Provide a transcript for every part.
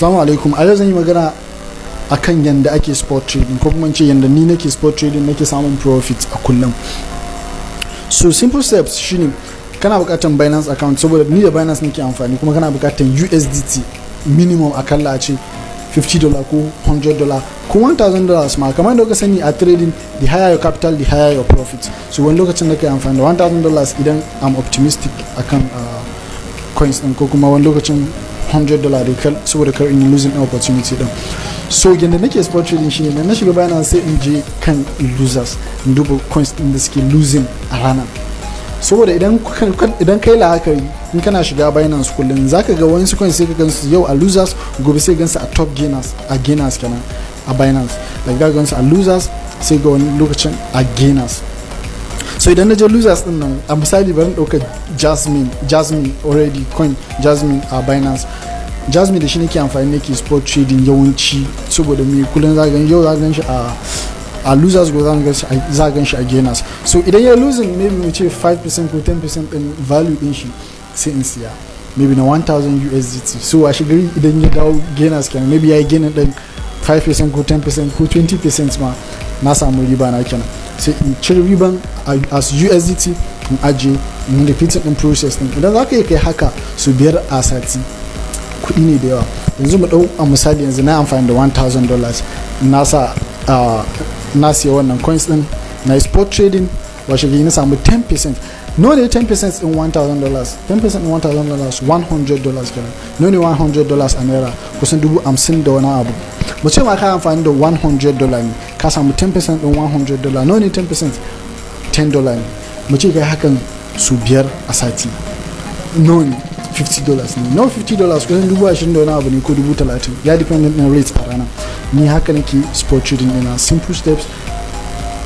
assalamu alaikum a yau zan yi magana a kan yadda ake sport trading ko kuma ce yadda ni nake sport trading nake samun profit a kullum so simple steps shine kana bukatan binance account saboda ni da binance nake amfani kuma kana bukatan usdt minimum a kalla ce 50 dollar ko 100 dollar ko 1000 dollars ma kamar da sani a trading the higher your capital the higher your profit so wani lokacin da kai amfani da 1000 dollars idan i'm optimistic akan uh, coins din ko kuma wani lokacin 100 dollar da saboda kar in losing opportunity din so yanda nake sport trading shine na shiga an sai in je kan losers in duba coins din da suke losing a rana saboda idan kai la'akari in kana shiga binance kullum zaka ga wani coins sai ka gansu yau a losers gobe sai gansu a top gainers a gainers kenan a binance daga gansu a losers sai ga wani lokacin a gainers so idan na je losers din nan a misali bari ɗauka jasmine jasmine already coin jasmine a binance jasmine da shi nake amfani nake sport trading yawanci saboda mai kullum za gan yau za gan shi a a losers go za gan shi a gainers so idan ya losing maybe mu ce 5% ko 10% din value din shi sai in siya maybe na 1000 USDT so a shigari idan ya dawo gainers kenan maybe ya yi gainin din 5% ko 10% ko 20% ma na samu riba na kenan sai in cire riban as USDT in ajiye in repeating in process din idan za ka yi kai haka su biyar a sati kuɗi ne da yawa yanzu mu ɗau a misali yanzu na amfani da 1000 dollars na sa na siya wannan coins din na sport trading washe gari na samu 10% no ne 10% in 1000 dollars 10% in 1000 dollars 100 dollars kenan no ne 100 dollars a naira kusan dubu hamsin da wani abu mu ce ma ka amfani da 100 ne ka samu 10% one 100 dollars no ne 10% 10 dollar ne mu ce kai hakan su biyar a sati non 50 dollars ne non 50 dollars kusan dubu ashirin da wani abu ne ko dubu talatin ya dependent na rate a rana ni haka nake sport trading ina simple steps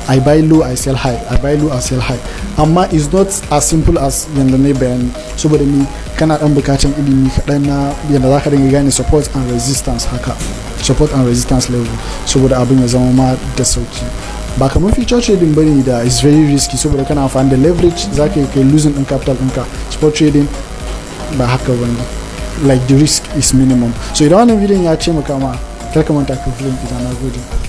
i buy low i sell high i buy low i sell high amma is not as simple as yanda na bayani saboda ni kana dan bukatan ilimi kaɗan na yanda za ka dinga gane support and resistance haka support and resistance level saboda abin ya zama ma da sauki ba kamar future trading ne da is very risky saboda kana amfani da leverage za ka kai losing in capital ɗinka spot trading ba haka bane like the risk is minimum so idan wannan bidiyon ya ce maka ma kar ka manta ka filin idan na gode